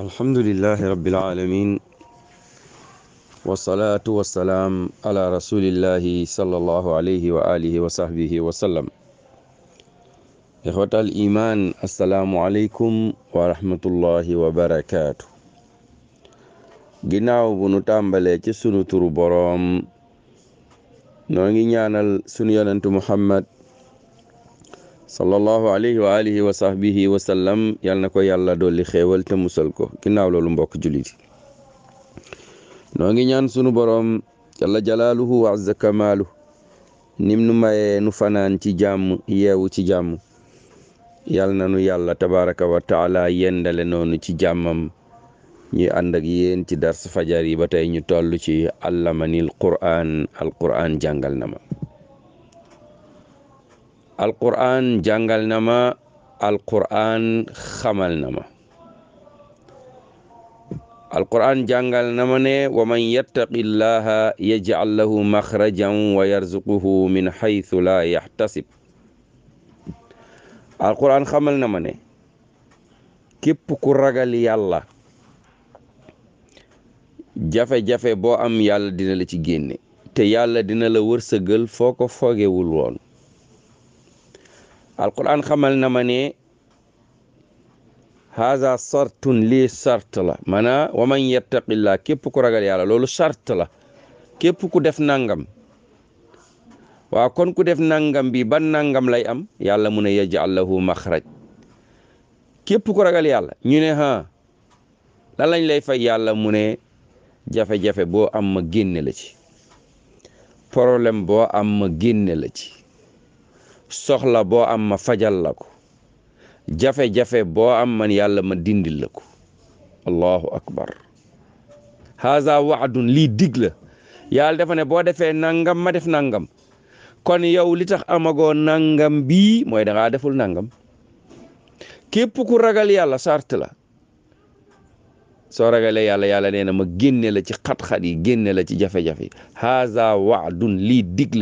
alhamdulilahi rabilalamin wasalaatu wasalaam ala rasulillahi sallallahu alayhi wa alihi wa sahbihi wa sallam ixwat al iman assalaamu aleykum wa rahmatullahi wa barakaatu ginnaaw bu nu tàmbalee ci sunu turu boroom noo ngi ñaanal sunu yonentu muhammad sallallahu alayhi wa alihi wa sahbihi wa yal na ko yàlla dolli xéewal te musal ko ginnaaw loolu mbokk jullit noo ngi ñaan sunu boroom jalla jalaaluhu wa azza kamaalu nim nu mayee nu fanaan ci jàmm yeewu ci jàmm yal na nu yàlla tabaraka wa taala yendale noonu ci jàmmam ñuy ànd ak yéen ci dars fajar yi ba tey ñu toll ci allamanil al qur'an jàngal na ma alquran jàngal na ma alquran xamal na ma alquran jàngal na ma ne wa man yattaqi llaha yajcal lahu maxrajan wa yarzuquhu min xaytu laa yaxtasib alquran xamal na ma ne képp ku ragal yàlla jafe-jafe boo am yàlla dina la ci génne te yàlla dina la wërsëgal foo ko foogewul woon alquran xamal na ma ne haza sartun lii sart la maanaa wa man yattaqillaa képp ko ragal yàlla loolu sart la képp ku def nangam waaw kon ku def nangam bi ban nangam lay am yàlla mu ne yaj'al lahu maxraj képp ku ragal yàlla ñu ne ha lan lañ lay fay yàlla mu ne jafe-jafe boo am ma génne la ci problème boo am ma génne la ci soxla boo am ma fajal la ko jafe-jafe boo am man yàlla ma dindil la ko allahu akbar haza waadun lii dig la yàlla dafa ne boo defee nangam ma def nangam kon yow li tax amagoo nangam bii mooy da deful nangam képp ku ragal yàlla sart la soo ragalee yàlla yàlla nee na ma génne la ci xat-xat yi génne la ci jafe-jafe haza waadun lii dig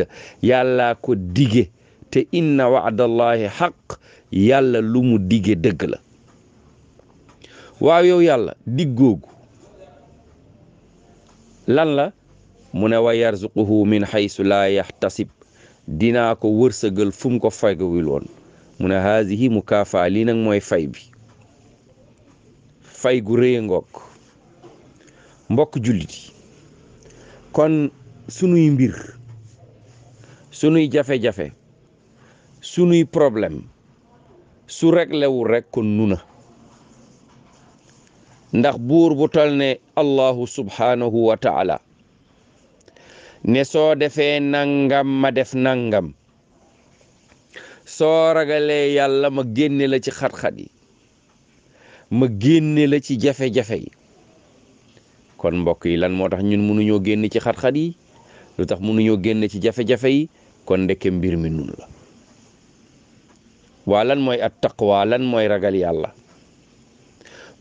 la ko dige te inna waadallahi xaq yàlla lumu mu dëgg la waaw yow yàlla dig lan la mu ne wa yarzuquhu min xaysu laa yaxtasib dinaa ko wërsëgal fu mu ko fagawul woon mu ne haasihi mukaafa lii nag mooy fay bi fay gu rëy ngoog mbokk jullit kon sunuy mbir sunuy jafe-jafe sunuy problème su réglewul rek kon nu ndax buur bu tol ne allahu subhaanahu wa taala ne soo defee nangam ma def nangam soo ragalee yàlla ma génne la ci xat-xat yi ma génne la ci jafe-jafe yi kon mbokk yi lan moo tax ñun mënuñoo génn ci xat-xat yi lu tax mënuñoo génn ci jafe-jafe yi kon ndekke mbir mi nun la waa lan mooy at taqwa lan mooy ragal yàlla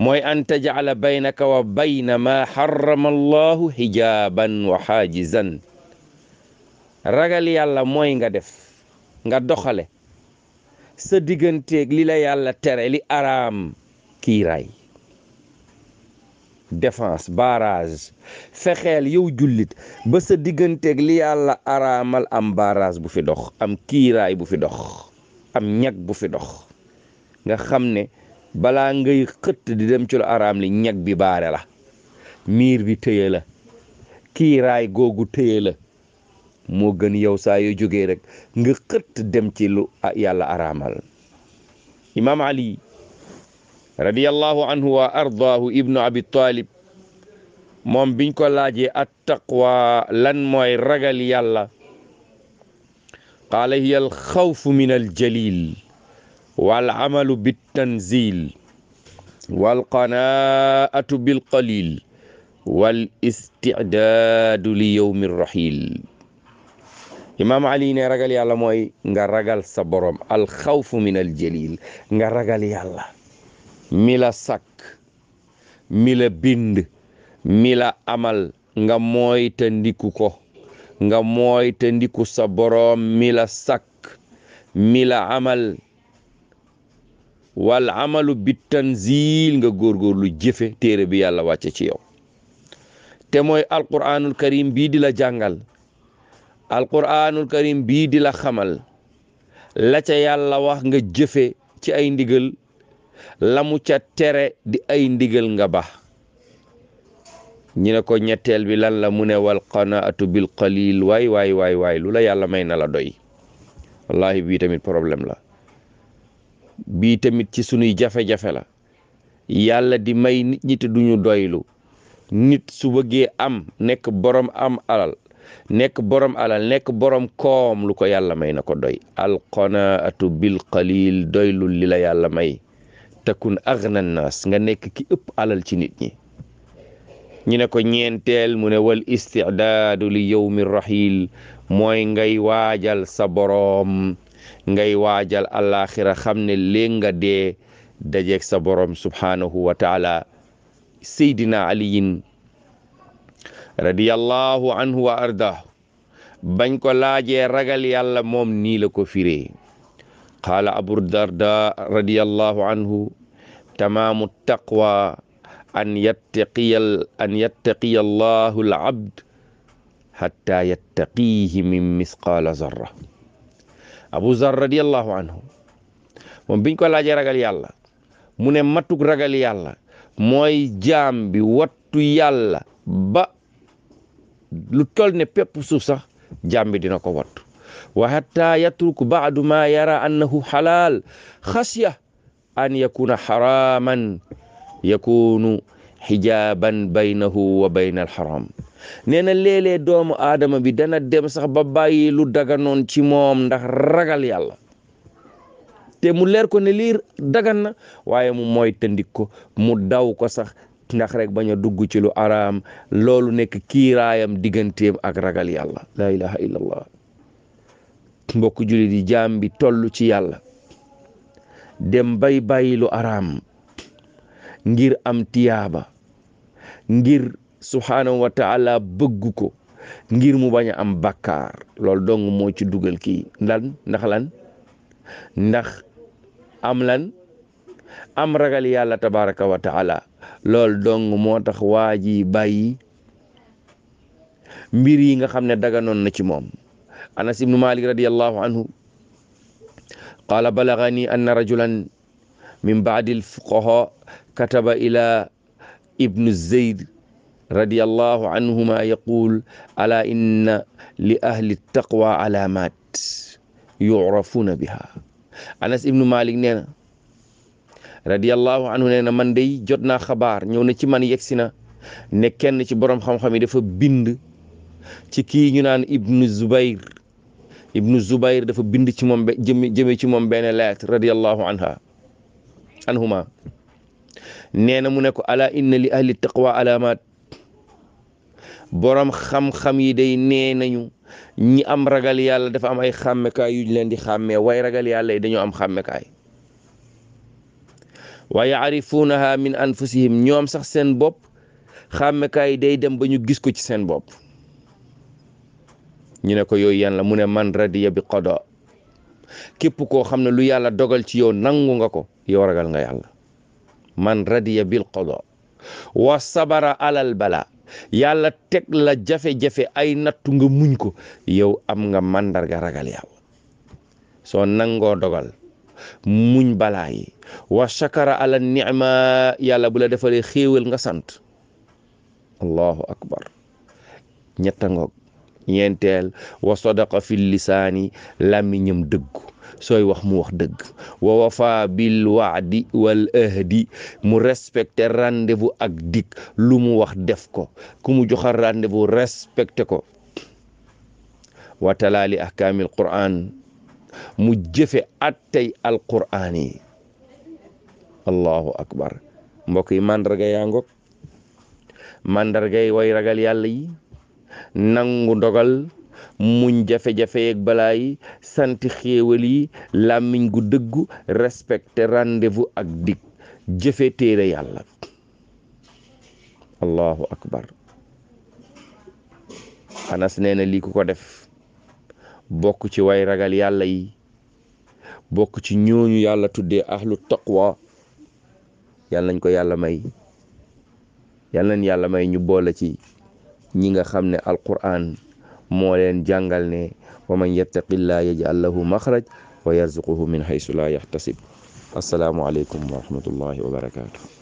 mooy an tajcala baynaka wa bayna maa xarama allahu xijaaban wa xaajizan ragal yàlla mooy nga def nga doxale sa digganteeg li la yàlla tere li araam kiiraay défense barrage fexeel yow jullit ba sa digganteeg li yàlla araamal am barrage bu fi dox am kiiraay bu fi dox am ñag bu fi dox nga xam ne balaa ngay xëtt di dem ci lu araam li ñag bi baare la miir bi téye la kiiraay googu téye la moo gën yow saa yoo jógee rek nga xëtt dem ci lu yàlla araamal imaam ali radiyallahu anhu wa ardaahu ibnu abi talib moom biñ ko laajee at taqwa lan mooy ragal yàlla qaala hiya alxawfu min aljalil wal amalu bittanzil wal qanaatu bilqalil wal isticdaadu li yowmi rahil imaam ali ne ragal yàlla mooy nga ragal sa borom alxawfu min aljalil nga ragal yàlla mi la sàkk mi la bind mi la amal nga mooy ta ndiku ko nga mooy ndiku sa boroom mila la mila mi la amal wal amalu bi tanzil nga góorgóorlu jëfe téere bi yàlla wàcce ci yow te mooy alquraanul karim bii di la jàngal alquraanul karim bii di la xamal la ca yàlla wax nga jëfe ci ay ndigal la mu ca tere di ay ndigal nga baax ñi ne ko ñetteel bi lan la mu ne wal atu bil qalil waay waay waay lu la yàlla may na la doy wallahi bii tamit problème la bii tamit ci sunuy jafe-jafe la yàlla di may nit ñi te duñu doylu nit su bëggee am nekk borom am alal nekk borom alal nekk borom koom lu ko yàlla may na ko doy al qanaatu bil qalil doylul li la yàlla may takun agna nas nga nekk ki ëpp alal ci nit ñi ñu ne ko ñeenteel mu ne wal istidaadu li yowmi rahil mooy ngay waajal sa ngay waajal alaxira xam ne léeg nga dee dajeeg sa boroom subhaanahu wa taala seydina aliyin radiyallahu anhu wa ardah bañ ko laajee ragal yàlla moom nii ko firee qaala abu darda radiyallahu anhu tamaamu taqwa an yattaqiya an yattaqiya allahu al abd hatta yattaqihi min misqaala zarra abu zar radiallahu anhu moom biñ ko laajee ragal yàlla mu ne matuk ragal yàlla mooy jaam bi wattu yàlla ba lu tol ne pépp suuf sax jaam bi dina ko wattu wa hatta yatruku baadu ma yara annahu xalaal xasya an yakuna xaraman yakunu xijaaban baynahu wa bayna alxaram nee na léeg doomu aadama bi dana dem sax ba bàyyi lu daganoon ci moom ndax ragal yàlla te mu leer ko ne lii dagan na waaye mu mooy tëndik ko mu daw ko sax ndax rek bañ a dugg ci lu araam loolu nekk kiiraayam digganteem ak ragal yàlla laa ilaha illallah mbokk jullit yi jaam bi toll ci yàlla dem bay bàyyi araam ngir am tiyaaba ngir subhaanahu wa taala bëgg ko ngir mu bañ a am bakkaar lool dong moo ci dugal ki lan ndax lan ndax am lan am ragal yàlla tabaraka wa taala dong moo tax waa ji bàyyi mbir yi nga xam ne daganoon na ci moom anas ibnu malik radiallahu anhu qaala balagani anna rajulan min baadil fuqaha kataba ila ibnu zeyd radiallahu anhuma yaqul ala inna li ahli taqwa alamat yurafuuna biha anas ibnu malik nee na radiallahu anhu nee man day jot na xabaar ñëw na ci man yegsi na ne kenn ci boroom xam-xam yi dafa bind ci kii ñu naan ibnu zubayr ibnu zubayr dafa bind ci moom jëme jëme ci moom benn lettre radiallahu anha anhuma nee na mu ne ko ala inna li ahli taqwa alaamaat boroom xam-xam yi day nee nañu ñi am ragal yàlla dafa am ay xàmmekaay yuñ leen di xàmmee way ragal yàlla yi dañoo am xàmmekaay wa yaarifuunaha min anfusihim ñoom sax seen bopp xàmmekaay yi day dem ba ñu gis ko ci seen bopp ñu ne ko yooyu yan la mu ne man radiya bi qada képp koo xam ne lu yàlla dogal ci yow nangu nga ko yow ragal nga yàlla man radiya bil qada wa sabara alal bala yàlla teg la jafe-jafe ay nattu nga muñ ko yow am nga màndarga ragal yàlla soo nangoo dogal muñ balaa yi wa shakara ala nicma yàlla bu la defalee xéewal nga sant allahu akbar ñetta ngoog ñeenteel wa sadaqa fi lisaani làmmiñam dëggu sooy wax mu wax dëgg wa wafa bil waadi wal ahdi mu respecté rendez-vous ak dik lu mu wax def ko ku mu joxal rendez-vous respecté ko wa talaali ahkaamil quraan mu jëfe attey alquraan yi allahu akbar mbokk yi mandarga yaa ngoog mandarga yi way ragal yàlla yi nangu ndogal muñ jafe-jafe yeeg balaa sant xéewal yi làmmiñ gu dëggu respecté rendez ak dig jëfe téere yàlla allahu akbar anas nee lii ku ko def bokk ci way ragal yàlla yi bokk ci ñooñu yàlla tuddee ahlu taqwa yàlla nañ ko yàlla may yàlla nañ yàlla may ñu boole ci ñi nga xam ne alquran moo leen jàngal ne wa man yattaqillaa yaj'al lahu maxraj wa yarzuquhu min haysu laa yaxtasib asalaamualeykum wa rahmatullahi wa barakaatu